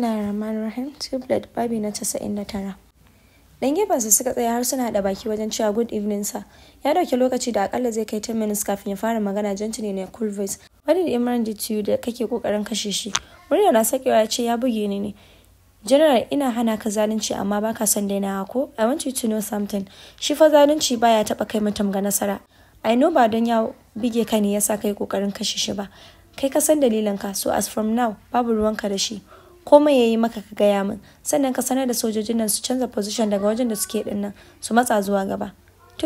bismillahir rahmanir rahim Tiblet babi na tara. dan gefen sa suka tsaya har suna da baki wajen cewa good evening sa ya dauki lokaci da akalla zai kai 10 minutes kafin ya fara magana gently ne cool voice wani da imran jitiyu da kake kokarin kashe shi murya na sakewa ya ce ya buge ni ne general ina hana ka zalunci amma baka son dainawa ko i want you to know something shi fa zalunci baya taba kai mutum ga nasara i know ba don ya bige ka ne yasa kai kokarin kashe shi ba kai ka san dalilin ka so as from now babu ruwanka da shi komai ya yi maka ka gaya min sannan ka sanar da sojojin nan su canza position daga wajen da suke din nan su matsa zuwa gaba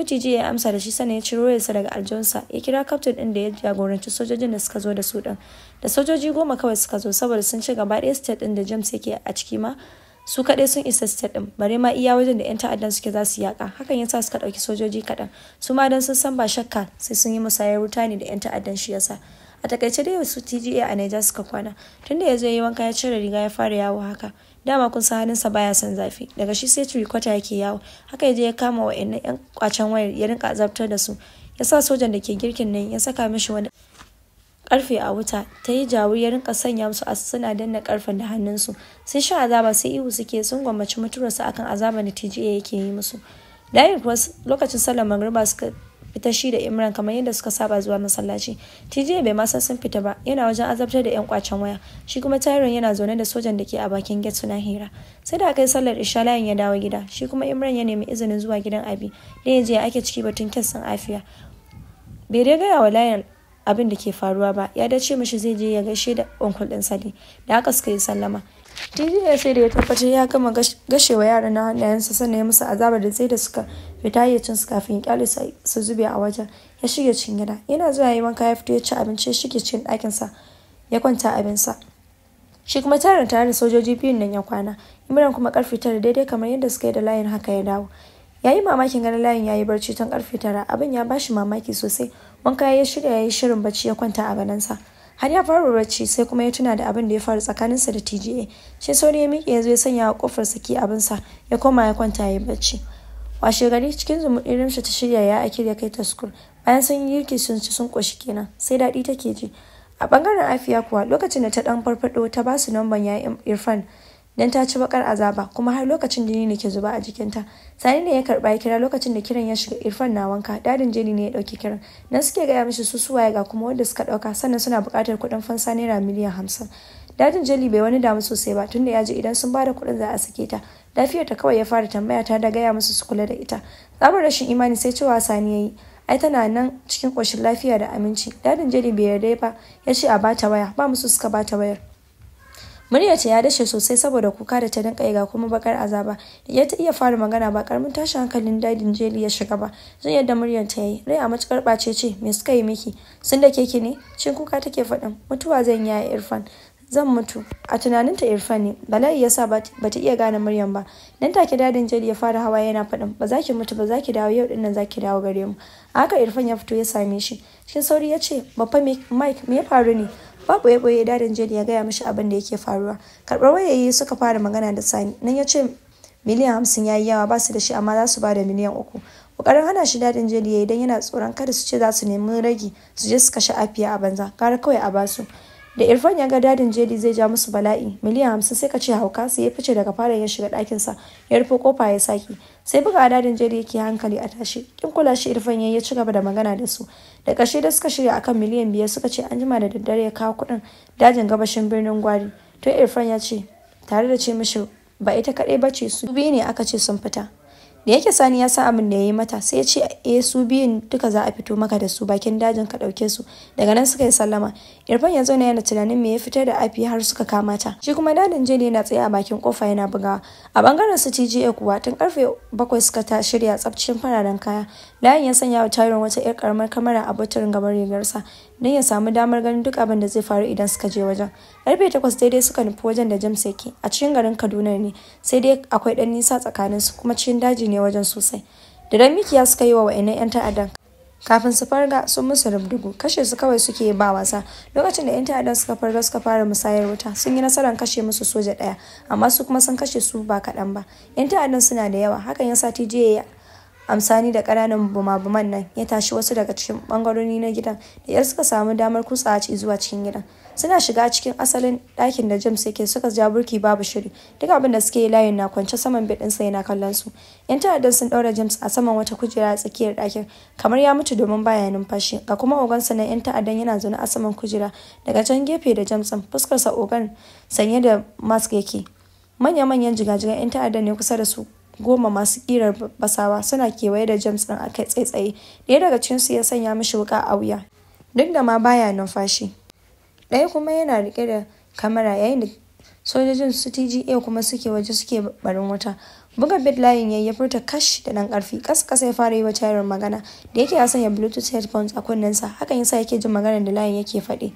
ji ya amsa da shi sannan ya ciro yasa daga aljonsa ya kira kaftin din da ya jagoranci sojojin da suka zo da su din da sojoji goma kawai suka zo saboda sun ci gaba ɗaya state din da james yake a ciki ma su kaɗai sun isa state ɗin bare ma iya wajen da 'yan ta'addan suke za su yaka hakan yasa suka ɗauki sojoji kaɗan su ma dan sun san ba shakka sai sun yi musayar wuta ne da 'yan ta'addan shi yasa a takaice dai wasu tga a naija suka kwana tunda ya zo ya yi wanka ya cire riga ya fara yawo haka dama kun san hannunsa baya son zafi daga shi sai turikwata yake yawo haka ya je ya kama wa yan kwacen wayar ya rinka azabtar da su ya sa sojan da ke girkin nan ya saka mishi wani karfe a wuta ta yi jawo ya rinka sanya musu asu suna danna karfen da hannunsu sai sha azaba sai ihu suke sun gwammaci mutuwarsa akan azaban da tga yake yi musu dayin kuwa lokacin sallar magriba suka fita shi da Imran kamar yadda suka saba zuwa masallaci. TJ bai masan sun fita ba, yana wajen azabtar da 'yan kwacen waya. Shi kuma Tyrone yana zaune da sojan da ke a bakin gate suna hira. Sai da aka yi sallar isha layin ya dawo gida, shi kuma Imran ya nemi izinin zuwa gidan Abi, da ya je ake ciki batun san afiya. Bai dai gaya wa layin abin da ke faruwa ba, ya dace mashi zai je ya gaishe da onkul ɗin Sali, da haka suka yi sallama. ya sai da ya tabbatar ya gama gashewa yaran na hannayensa sannan ya musu azabar da zai da suka fita ya cin su kafin ya kyale su zube a wajen ya shige cikin gida yana zuwa yi wanka ya fito ya ci abinci ya shige cikin ɗakinsa ya kwanta abinsa shi kuma tarin tare da sojoji biyun nan ya kwana imran kuma karfe tara daidai kamar yadda suka yi da layin haka ya dawo ya yi mamakin ganin layin ya yi barci tun karfe tara abin ya bashi mamaki sosai wanka ya shirya ya yi shirin bacci ya kwanta a banansa sa har ya fara bacci sai kuma ya tuna da abin da ya faru sa da TGA shi sauri ya miƙe ya zo ya sanya wa kofar saki sa ya koma ya kwanta ya yi bacci washe gari cikin zumuɗin shi ta shirya ya akil ya kai ta school bayan sun yi girki sun ci sun koshi kenan sai daɗi take ji a bangaren afiya kuwa lokacin da ta dan farfado ta ba su namban ya irfan dan ta ci bakar azaba kuma har lokacin jini ne ke zuba a jikinta sani ne ya karba ya kira lokacin da kiran ya shiga irfan na wanka dadin jeli ne ya dauki kiran nan suke gaya mishi su suwaye ga kuma wanda suka dauka sannan suna bukatar kuɗin fansa naira miliyan hamsin dadin jeli bai wani damu sosai ba tunda ya ji idan sun bada kuɗin za a sake ta lafiyar ta kawai ya fara tambaya ta da gaya musu su kula da ita tsabar rashin imani sai cewa sani ya yi ai tana nan cikin koshin lafiya da aminci dadin jeli bai yarda ba ya ce a bata waya ba musu suka bata wayar muryarta ya dashe sosai saboda kuka da ta dinka ga kuma bakar azaba ya ta iya fara magana ba karamin tashin hankalin dadin jeli ya shiga ba zan yadda muryar ta yi rai a matukar bace ce me suka yi miki sun da keke ne cin kuka take faɗin mutuwa zan yi irfan zan mutu a tunaninta irfan ne bala'i yasa ba ta iya gane muryan ba nan take dadin jeli ya fara hawa yana faɗin ba za ki mutu ba za ki dawo yau dinnan za ki dawo gare mu a haka irfan ya fito ya same shi cikin sauri ya ce babba mike me ya faru ne babu ya boye dadin jeli ya gaya mishi abin da yake faruwa karɓar wayoyi suka fara magana da sani nan ya ce miliyan hamsin ya yi yawa ba su da shi amma za su ba da miliyan uku kokarin hana shi dadin jeli ya yi don yana tsoron kada su ce za su nemi ragi su je su kashe afiya a banza gara kawai a basu da irfan ya ga dadin jedi zai ja musu bala'i miliyan hamsin sai ka ce hauka sai ya fice daga fara ya shiga ɗakinsa ya rufe kofa ya saki sai buga dadin jedi yake hankali a tashi kin kula shi irfan ya ci gaba da magana da su da ƙarshe da suka shirya akan miliyan biyar suka ce an jima da daddare ya kawo kuɗin dajin gabashin birnin gwari to irfan ya ce tare da ce mishi ba ita kaɗai ba ce su biyu ne aka ce sun fita da yake sani ya san abin da ya yi mata sai ya ce eh su biyun duka za a fito maka da su bakin dajin ka ɗauke su daga nan suka yi sallama irfan ya zauna yana tunanin me ya fitar da afi har suka kama ta shi kuma dadin jeli yana tsaye a bakin kofa yana bugawa a bangaren su tga kuwa tun karfe bakwai suka ta shirya tsabcin fararen kaya layin ya sanya wa tarin wata yar karamar kamara a baturin gaban rigarsa don ya samu damar ganin duk abin da zai faru idan suka je wajen karfe takwas daidai suka nufi wajen da james yake a cikin garin kaduna ne sai dai akwai dan nisa tsakanin su kuma cikin daji ne wajen sosai da dan mikiya suka yi wa wa'annan yan ta'addan kafin su farga sun musu rubdugu kashe su kawai suke ba wasa lokacin da yan ta'addan suka farga suka fara musayar wuta sun yi nasarar kashe musu soja daya amma su kuma sun kashe su ba kaɗan ba yan ta'addan suna da yawa hakan ya yasa tj amsani da ƙananan bumabuman nan ya tashi wasu daga cikin ɓangarori na gidan da yar suka samu damar kutsawa a zuwa cikin gidan suna shiga cikin asalin ɗakin da james yake suka ja burki babu shiri duk abin da suke layin na kwance saman sa yana kallon su yan ta'addan sun ɗaura james a saman wata kujera a tsakiyar dakin kamar ya mutu domin baya numfashi ga kuma ogansa na yan ta'addan yana zaune a saman kujera daga can gefe da james fuskarsa ogan sanye da mask yake manya-manyan jigajigan yan ta'addan ne kusa da su goma masu ƙirar basawa suna kewaye da James ɗin a kai tsaitsaye. Ɗaya daga cikinsu ya sanya mishi wuka a wuya, duk da ma baya numfashi. Ɗaya kuma yana riƙe da kamara yayin da sojojin su TGA kuma suke waje suke barin wuta. Buga bit layin ya furta kash da ɗan karfi kasa kasa ya fara yi wa tayar magana, da yake a sanya Bluetooth headphones a kunnensa, hakan yasa yake jin maganar da layin yake faɗi.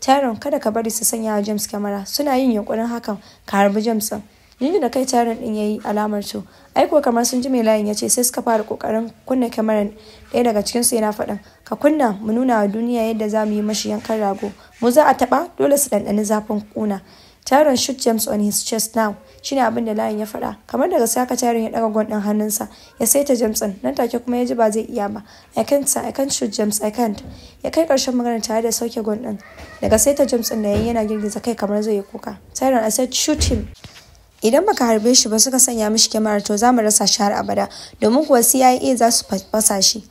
Tyron kada ka bari su sanya wa James kamera suna yin yunkurin hakan ka harbi James ɗin. jinji da kai tarin din yayi alamar to ai ko kamar sun ji mai layin ya ce sai suka fara kokarin kunna kyamarar ɗaya daga cikin su yana faɗin ka kunna mu nuna wa duniya yadda za mu yi mashi yankan rago mu za a taɓa dole su ɗanɗani zafin kuna tarin shoot James on his chest now shine abin da layin ya faɗa kamar daga saka tarin ya ɗaga gwandon hannunsa ya saita James ɗin nan take kuma ya ji ba zai iya ba I can't sir I can't shoot James I can't ya kai ƙarshen magana tare da sauke gwandon daga saita James ɗin da yayi yana girgiza kai kamar zai yi kuka tarin I said shoot him idan baka harbe shi ba suka sanya mishi kyamara to za mu rasa shi har abada domin kuwa cia za su fasa shi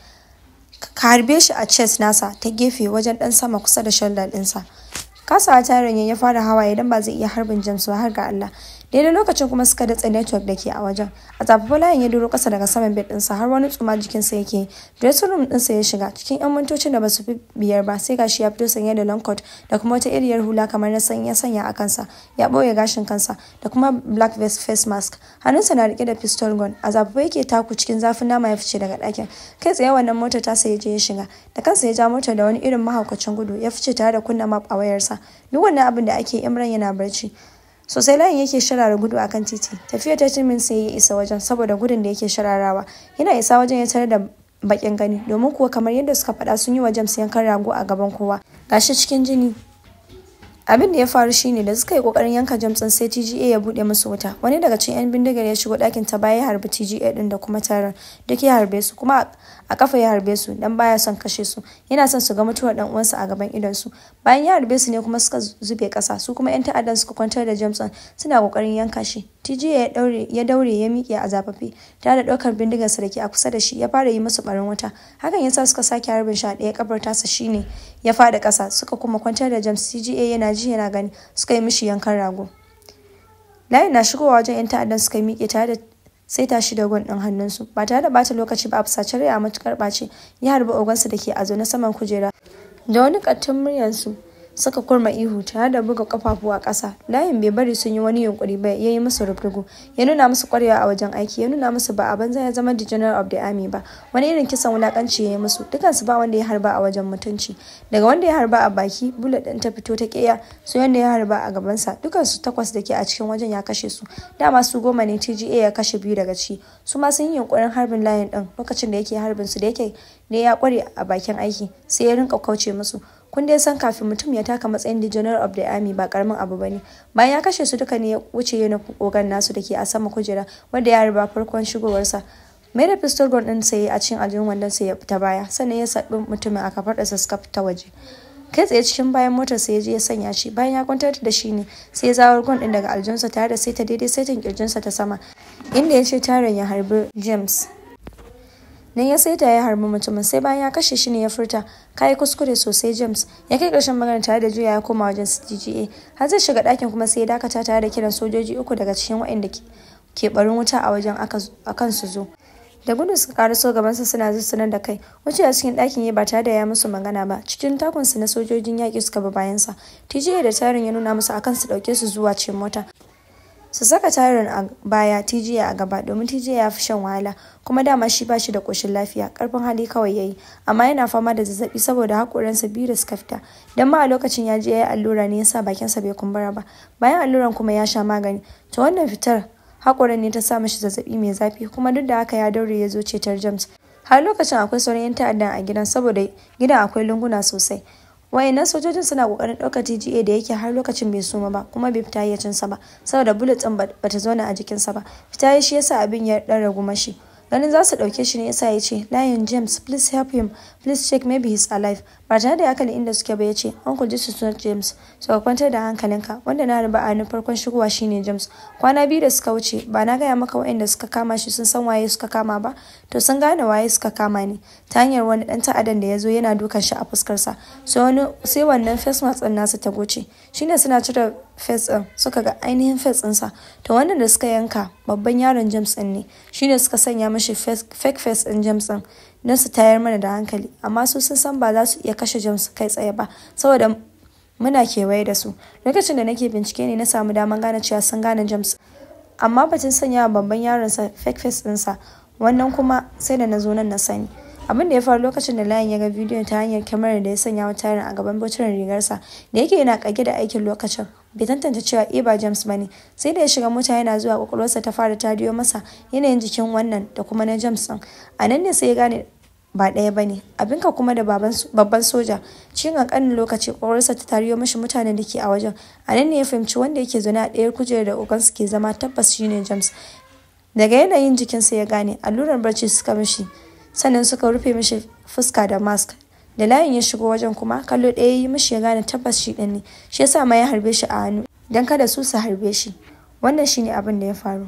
ka harbe shi a chest nasa ta gefe wajen dan sama kusa da shoulder dinsa kasawa taron ya fara hawa idan ba zai iya harbin james ba har ga allah daidai lokacin kuma suka datse network da ke a wajen a tafafa layin ya duro kasa daga saman bed ɗinsa har wani tsuma jikinsa yake dressing room ɗinsa ya shiga cikin yan mintocin da ba su fi biyar ba sai gashi ya fito sanye da long coat da kuma wata iriyar hula kamar na sanya ya sanya a kansa ya ɓoye gashin kansa da kuma black vest face mask hannunsa na rike da pistol gun a zafafa yake taku cikin zafin nama ya fice daga dakin. kai tsaye wannan mota ta sai ya je ya shiga da kansa ya ja mota da wani irin mahaukacin gudu ya fice tare da kunna map a wayarsa duk wannan abin da ake imran yana barci sosai layin yake sharara gudu a kan titi tafiya ta cimin sai ya isa wajen saboda gudun da yake shararawa yana isa wajen ya tare da bakin gani domin kuwa kamar yadda suka faɗa sun yi wa James yankan rago a gaban kowa gashi cikin jini abin da ya faru shine da suka yi kokarin yanka jamsin sai TGA ya bude musu wuta wani daga cikin yan bindigar ya shigo dakin ta baya harbi TGA din da kuma tarin duk ya harbe su kuma a kafa ya harbe su dan baya son kashe su yana son su ga mutuwar dan uwansa a gaban idon su bayan ya harbe su ne kuma suka zube kasa su kuma yan ta'addan suka kwantar da Jameson suna kokarin yanka shi TJ ya daure ya daure ya miƙe a zafafi tare da daukar bindigar sa dake a kusa da shi ya fara yi musu barin wata hakan yasa suka sake harbin sha ɗaya kabar tasa shine ya fada kasa suka kuma kwantar da James tj yana ji yana gani suka yi mishi yankan rago layin na shigowa wajen yan ta'addan suka miƙe tare da sai tashi da gwan ɗin hannunsu ba tare da bata lokaci ba a fusace a matukar ɓace ya harbi ogansa da ke a na saman kujera da wani kattun muryarsu suka kurma ihu tare da buga kafafu a ƙasa layin bai bari sun yi wani yunkuri ba ya yi musu rubrugu ya nuna musu kwarewa a wajen aiki ya nuna musu ba a banza ya zama general of the army ba wani irin kisan wulakanci ya yi musu dukansu ba wanda ya harba a wajen mutunci daga wanda ya harba a baki bullet ɗin ta fito ta ƙeya su wanda ya harba a gabansa dukansu takwas da ke a cikin wajen ya kashe su dama su goma ne tga ya kashe biyu daga ciki su ma sun yi yunkurin harbin layin ɗin lokacin da yake harbin su da yake ne ya kware a bakin aiki sai ya rinka kauce musu kun dai san kafin mutum ya taka matsayin da general of the army ba karamin abu bane bayan ya kashe su duka ne ya wuce yana kogan nasu da ke a sama kujera wanda ya riba farkon shigowarsa mai da pistol gun din sai a cikin aljihun wannan sai ya fita baya sannan ya sabi mutumin a kafar da suka ta waje kai tsaye cikin bayan motar sai ya je ya sanya shi bayan ya kwantar da shi ne sai ya zawar gun din daga aljinsa tare da sai ta daidai saitin kirjinsa ta sama inda ya ce taron ya harbi james nan ya saita ya harbi mutumin sai bayan ya kashe shi ne ya furta kai kuskure sosai james ya kai karshen magana tare da juya ya koma wajen cga har zai shiga ɗakin kuma sai ya dakata tare da kiran sojoji uku daga cikin waɗanda ke barin wuta a wajen akan su zo da gudun suka so gabansa suna zuzzunar da kai wuce a cikin dakin ya ba tare da ya musu magana ba cikin takunsu na sojojin yaƙi suka ba bayansa tga da tarin ya nuna musu akan su ɗauke su zuwa cikin mota su saka tarin a baya tijiya a gaba domin tijiya ya fi shan wahala kuma dama shi ba shi da koshin lafiya karfin hali kawai yayi amma yana fama da zazzabi saboda haƙoransa biyu da suka fita don ma a lokacin ya je ya yi allura ne yasa bakinsa bai kumbura ba bayan alluran kuma ya sha magani to wannan fitar hakoran ne ta sa mashi zazzabi mai zafi kuma duk da haka ya daure ya zo cetar james har lokacin akwai sauran 'yan ta'addan a gidan saboda gidan akwai lunguna sosai wayannan sojojin suna kokarin ɗaukar TGA da yake har lokacin bai suma ba kuma bai fita cinsa ba saboda bullet ɗin bata zauna a jikin jikinsa ba fita ya shi yasa abin ya ɗan ragu mashi ganin za su ɗauke shi ne yasa ya ce lion james please help him please check maybe he's alive ba tare da hankali inda suke ba ya ce uncle jesus not james so ka kwantar da hankalinka wanda na riba a farkon shigowa shine james kwana biyu da suka wuce ba na gaya maka wa'inda suka kama shi sun san waye suka kama ba to sun gane waye suka kama ne ta hanyar wani dan ta'adan da ya zo yana dukan shi a fuskarsa sai wannan face mask din nasa ta goce shine suna cire face ɗin suka ga ainihin face sa to wanda da suka yanka babban yaron james ɗin ne shine suka sanya mashi fake face ɗin james ɗin don su tayar mana da hankali amma su sun san ba za su iya kashe james kai tsaye ba saboda muna kewaye da su lokacin da nake bincike ne na samu daman gane cewa sun gane james amma batun sanya wa babban yaronsa fake face sa wannan kuma sai da na zo nan na sani abin da ya faru lokacin da layin ya ga bidiyon ta hanyar kyamarar da ya sanya wa tarin a gaban rigar rigarsa da yake yana kage da aikin lokacin bai tantance cewa e ba James bane sai da ya shiga mota yana zuwa kwakwalwarsa ta fara biyo masa yanayin jikin wannan da kuma na James din a nan ne sai ya gane ba ɗaya bane abinka kuma da babban soja cikin kankanin lokaci kwakwalwarsa ta tariyo mashi mutanen da ke a wajen a nan ne ya fahimci wanda yake zaune a ɗayar kujerar da ogansu ke zama tabbas shine James daga yanayin jikinsa ya gane allurar barci suka mishi sannan suka rufe mishi fuska da mask da layin ya shigo wajen kuma kallo ɗaya yi mishi ya gane tabbas shi ɗin ne shi yasa ma ya harbe shi a hannu don kada su su harbe shi wannan shi ne abin da ya faru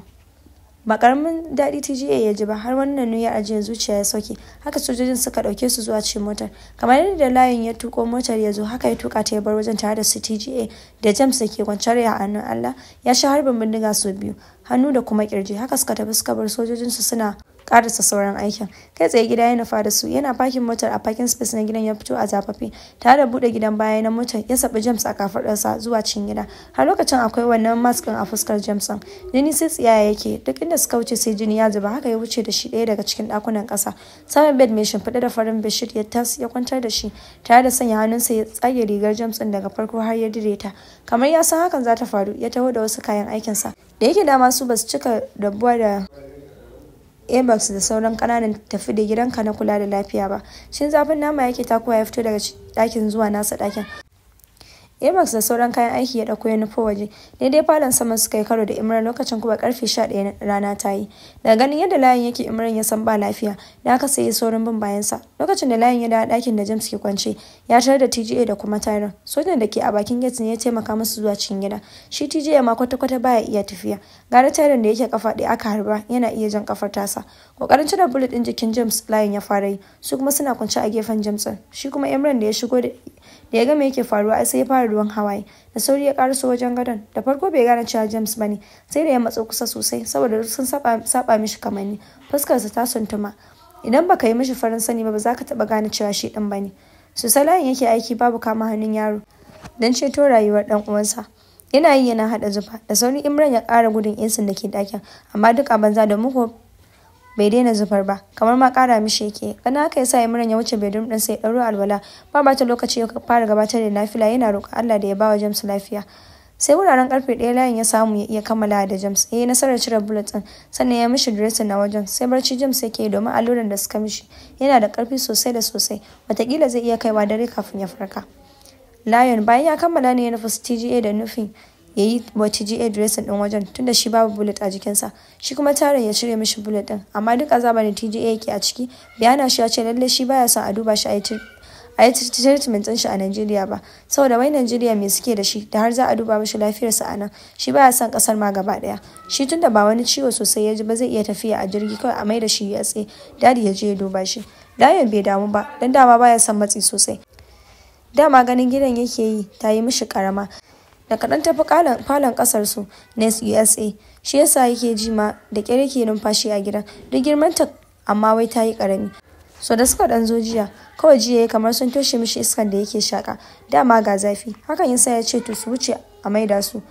ba karamin daɗi TGA ya ji ba har wannan nuyi ajiyar zuciya ya sauke haka sojojin suka ɗauke su zuwa cikin motar kamar yadda layin ya tuko motar ya zo haka ya tuka ta ya bar wajen tare da su TGA da James da ke kwanciyar ya hannun Allah ya sha harbin bindiga sau biyu hannu da kuma kirji haka suka tafi suka bar sojojin su suna karasa sauran aikin kai tsaye gida ya nufa da su yana fakin motar a fakin space na gidan ya fito a zafafi tare da bude gidan baya na motar ya sabi james a kafadarsa zuwa cikin gida har lokacin akwai wannan mask a fuskar jameson. jini sai tsiyaya yake duk inda suka wuce sai jini ya zuba haka ya wuce da shi ɗaya daga cikin ɗakunan ƙasa saman bed mai shimfiɗa da farin bishir ya tas ya kwantar da shi tare da sanya hannunsa ya tsage rigar jameson daga farko har ya dire ta kamar ya san hakan za ta faru ya taho da wasu kayan aikinsa da yake dama su basu cika rabuwa da abax da sauran kananan tafi da gidanka na kula da lafiya ba shin zafin nama yake takowa ya fito daga ɗakin zuwa nasa ɗakin Amex da sauran kayan aiki ya dauko ya nufo waje. Daidai falon sama suka yi karo da Imran lokacin kuma karfe 11 rana ta yi. Da ganin yadda layin yake Imran ya san ba lafiya, da aka sayi saurin bin bayansa. Lokacin da layin ya dawo dakin da James ke kwance, ya tare da TGA da kuma Tyron. Sojan da ke a bakin gate ne ya taimaka musu zuwa cikin gida. Shi TGA ma kwata-kwata baya iya tafiya. Gara Tyron da yake kafa ɗaya aka harba yana iya jan kafar tasa. Kokarin cire bullet din jikin James layin ya fara yi. Su kuma suna kwance a gefen James. Shi kuma Imran da ya shigo da ya ga me yake faruwa ai sai ya fara ruwan hawaye da sauri ya karaso wajen gadon da farko bai gane cewa james bane sai da ya matso kusa sosai saboda duk sun saba mishi kamanni fuskarsa ta suntuma idan baka yi mishi farin sani ba ba za ka taba gane cewa shi din bane sosai layin yake aiki babu kama hannun yaro don ceto rayuwar dan uwansa yana yi yana hada zufa da sauri imran ya kara gudun insin da ke dakin amma duk a banza da muku bai daina zubar ba kamar ma kara mishi yake kana haka yasa Imran ya wuce bedroom din sai ɗauro alwala ba bata lokaci ya fara gabatar da nafila yana roƙa Allah da ya bawa James lafiya sai wuraren karfe ɗaya layin ya samu ya iya kammala da James eh yi nasarar cire bullet din sannan ya mishi dressing na wajen sai barci James yake domin alluran da suka mishi yana da karfi sosai da sosai watakila zai iya kaiwa dare kafin ya farka Lion bayan ya kammala ne ya nufi TGA da nufin ya yi maciji dressing ɗin wajen tunda shi babu bullet a jikinsa shi kuma tarin ya cire mishi bullet ɗin amma duk azabar da tj yake a ciki bayana shi ya ce lallai shi baya son a duba shi a yi treatment ɗin shi a Najeriya ba saboda wai Najeriya mai suke da shi da har za a duba mishi lafiyarsa a nan shi baya son kasar ma gaba ɗaya shi tunda ba wani ciwo sosai ya ji ba zai iya tafiya a jirgi kawai a mai da shi ya tse dadi ya je ya duba shi dayan bai damu ba dan dama baya son matsi sosai dama ganin gidan yake yi ta yi mishi karama da kaɗan tafi falon ƙasar su nes usa shi yasa yake jima da ƙyar yake numfashi a gidan duk girmanta amma wai ta yi ƙarami so da suka ɗan zo jiya kawai jiya ya kamar sun toshe mishi iskan da yake shaka dama ga zafi hakan yasa ya ce to su wuce a maida su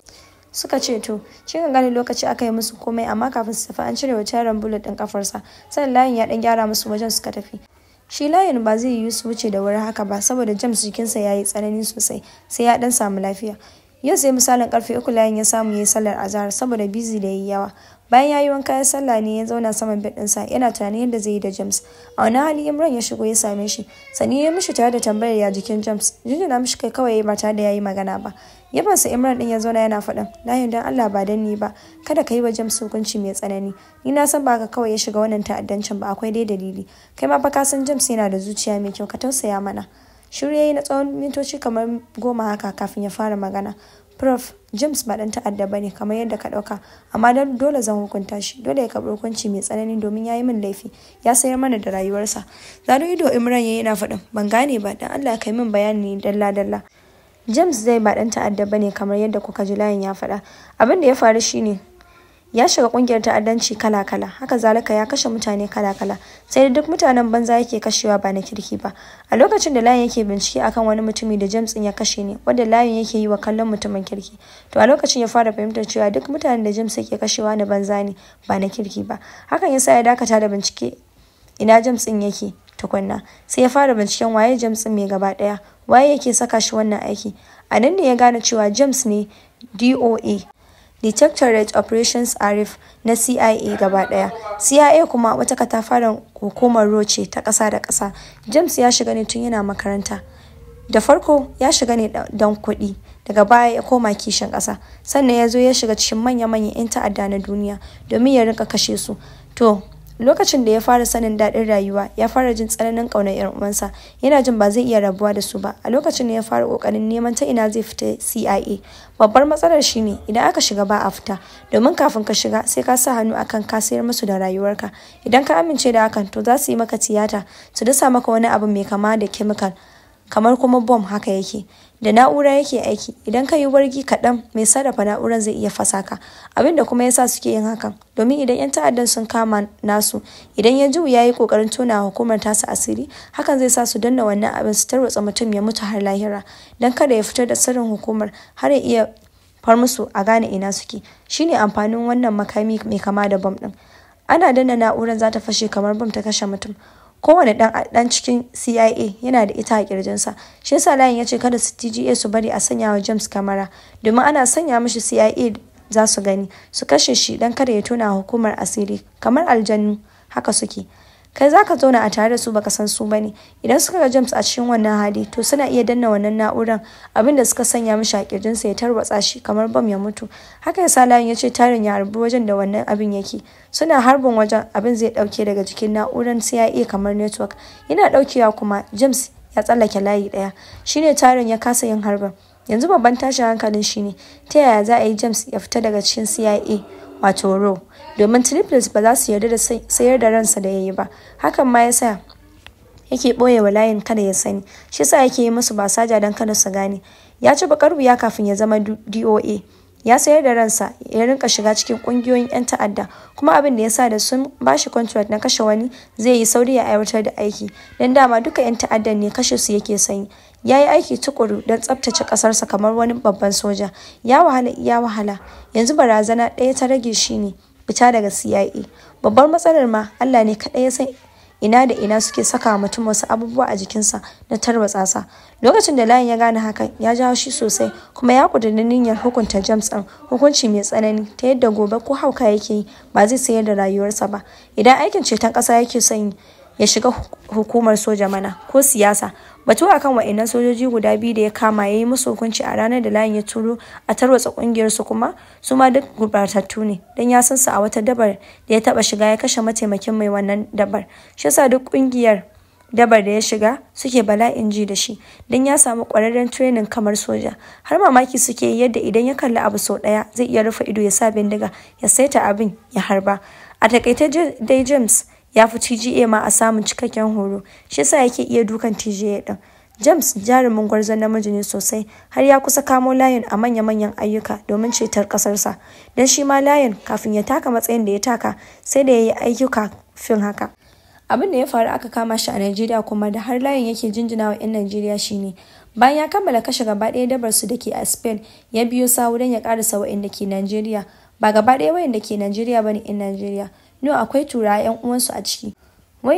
suka ce to cikin gane lokaci aka yi musu komai amma kafin su tafi an cire wa tarin bullet ɗin kafarsa sai layin ya ɗan gyara musu wajen suka tafi shi layin ba zai yi su wuce da wuri haka ba saboda jams jikinsa ya yi tsanani sosai sai ya dan samu lafiya yau sai misalin karfe uku layin ya samu ya yi sallar azahar saboda bizi da yi yawa bayan ya yi wanka ya sallah ne ya zauna saman bed ɗinsa yana tunanin yadda zai yi da James a wani hali Imran ya shigo ya same shi sani ya mishi tare da tambayar ya jikin James jinjina mishi kai kawai ba tare da yayi magana ba yabansa Imran din ya zauna yana faɗin layin dan Allah ba dan ni ba kada ka yi wa James hukunci mai tsanani ni na san ba ka kawai ya shiga wannan ta'addancin ba akwai dai dalili kai ma fa ka san James yana da zuciya mai kyau ka tausaya mana shiru ya yi na tsawon mintoci kamar goma haka kafin ya fara magana prof james ba dan ta'adda bane kamar yadda ka dauka amma dan dole zan hukunta shi dole ya karbi hukunci mai tsanani domin yayi min laifi ya sayar mana da rayuwarsa zaro ido imran yayi na faɗin ban gane ba dan Allah kai min bayani dalla dalla james zai ba dan ta'adda bane kamar yadda kuka ji layin ya faɗa abin da ya faru shine ya shiga kungiyar ta'addanci kala-kala haka zalika ya kashe mutane kala-kala sai duk mutanen banza yake kashewa ba na kirki ba a lokacin da layin yake bincike akan wani mutumi da james ya kashe ne wanda layin yake yi wa kallon mutumin kirki to a lokacin ya fara fahimtar cewa duk mutanen da james yake kashewa na banza ne ba na kirki ba hakan ya sa ya dakata da bincike ina james yake tukunna sai ya fara binciken waye james mai gaba daya waye yake saka shi wannan aiki a nan ne ya gane cewa james ne doa Detectorate Operations Arif na CIA gaba ɗaya. CIA kuma wata katafaren hukumar roche ta ƙasa da ƙasa. James ya shiga ne tun yana makaranta. Da farko ya shiga ne don kuɗi, daga baya ya koma kishin ƙasa. Sannan ya zo ya shiga cikin manya-manyan 'yan ta'adda na duniya domin ya rinka kashe su. To, lokacin da ya fara sanin daɗin rayuwa ya fara jin tsananin ƙaunar yan uwansa yana jin ba zai iya rabuwa da su ba a lokacin da ya fara ƙoƙarin neman ta ina zai fita CIA babbar matsalar shine idan aka shiga ba a fita domin kafin ka shiga sai ka sa hannu akan ka sayar musu da rayuwarka idan ka amince da hakan to za su yi maka tiyata su dasa maka wani abu mai kama da chemical kamar kuma bom haka yake da na'ura yake aiki idan ka wargi kaɗan mai sarrafa na'urar zai iya fasa ka abin da kuma yasa suke yin hakan domin idan 'yan ta'addan sun kama nasu idan ya jiwu ya yi kokarin tona hukumar tasa asiri hakan zai sa su danna wannan abin su tarwatsa mutum ya mutu har lahira dan kada ya fitar da sirrin hukumar har ya iya far musu a gane ina suke shine amfanin wannan makami mai kama da bom ɗin ana danna na'urar za ta fashe kamar bom ta kashe mutum kowane dan cikin cia yana da ita a kirjinsa shi yasa layin ya ce kada su tga su bari a sanya wa james kamara domin ana sanya mashi cia za su gani su kashe shi dan kada ya tona hukumar asiri kamar aljanu haka suke kai za ka zauna a tare da su baka san su bane idan suka ga James a cikin wannan hali to suna iya danna wannan na'uran abin da suka sanya mishi a kirjinsa ya tarwatsa shi kamar bam ya mutu haka ya sa layin ya ce tarin ya harbi wajen da wannan abin yake suna harbin wajen abin zai dauke daga jikin na'uran cia kamar network yana daukewa kuma James ya tsallake layi daya shine tarin ya kasa yin harbin yanzu babban tashin hankalin shine ta yaya za a yi James ya fita daga cikin CIA wato ro domin triplet ba za su yarda da sayar da ransa da ya yi ba hakan ma yasa yake ɓoye wa layin kada ya sani shi yasa yake yi musu basaja dan kada su gane ya ci bakar wuya kafin ya zama doa ya sayar da ransa ya rinka shiga cikin kungiyoyin 'yan ta'adda kuma abin da ya sa da sun bashi contract na kashe wani zai yi sauri ya aiwatar da aiki dan dama duka 'yan ta'addan ne kashe su yake sanyi ya yi aiki tukuru don tsabtace ƙasarsa kamar wani babban soja ya wahala iya wahala yanzu barazana ɗaya ta rage shi ne fita daga cia babbar matsalar ma allah ne kaɗai ya san ina da ina suke saka mutum wasu abubuwa a jikinsa na tarwatsa sa lokacin da layin ya gane hakan ya ja shi sosai kuma ya kudurin niyyar hukunta james ɗin hukunci mai tsanani ta yadda gobe ko hauka yake yi ba zai sayar da rayuwarsa ba idan aikin ceton ƙasa yake son yi ya shiga hukumar soja mana ko siyasa batu kan wa'annan sojoji guda biyu da ya kama ya yi musu hukunci a ranar da layin ya turo a tarwatsa kungiyar su kuma su ma duk gurbatattu ne don ya san su a wata dabar da ya taba shiga ya kashe mataimakin mai wannan dabar shi yasa duk kungiyar dabar da ya shiga suke bala'in ji da shi don ya samu ƙwararren training kamar soja har mamaki suke yi yadda idan ya kalli abu sau ɗaya zai iya rufe ido ya sa bindiga ya saita abin ya harba a takaice dai james ya fi TGA ma a samun cikakken horo shi yasa yake iya dukan TGA din James jarumin gwarzon namiji ne sosai har ya kusa kamo layin a manya-manyan ayyuka domin cetar kasarsa don shi ma layin kafin ya taka matsayin da ya taka sai da ya yi ayyuka fin haka abin da ya faru aka kama shi a Najeriya kuma da har layin yake jinjina wa 'yan Najeriya ne bayan ya kammala kashe gaba ɗaya dabar da ke a Spain ya biyo sawu don ya ƙarasa wa'inda ke Najeriya ba gaba ɗaya wa'inda ke Najeriya ne 'yan Najeriya no akwai tura 'yan uwansu a ciki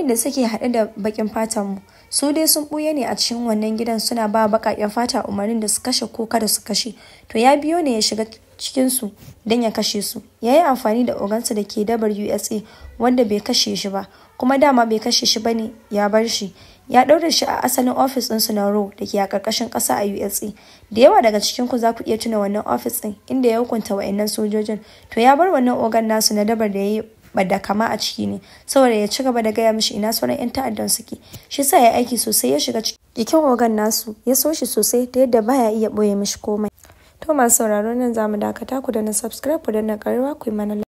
da suke haɗe da bakin fatan mu su dai sun buye ne a cikin wannan gidan suna ba baƙaƙen fata umarnin da su kashe ko kada su kashe to ya biyo ne ya shiga cikin su don ya kashe su ya yi amfani da ogansa da ke dabar usa wanda bai kashe shi ba kuma dama bai kashe shi bane ya bar shi ya ɗaure shi a asalin ofis ɗinsu na ro da ke a ƙarƙashin ƙasa a usa da yawa daga cikin ku za ku iya tuna wannan ofis ɗin inda ya hukunta wa'annan sojojin to ya bar wannan ogan nasu na dabar da ya yi da kama a ciki ne saboda ya ci gaba da gaya mishi ina sauran yan ta'addan suke shi sa ya aiki sosai ya shiga ciki jikin ogan nasu ya so shi sosai ta yadda baya iya boye mishi komai to masu sauraro nan za mu dakata ku da na subscribe ku da na karewa ku yi mana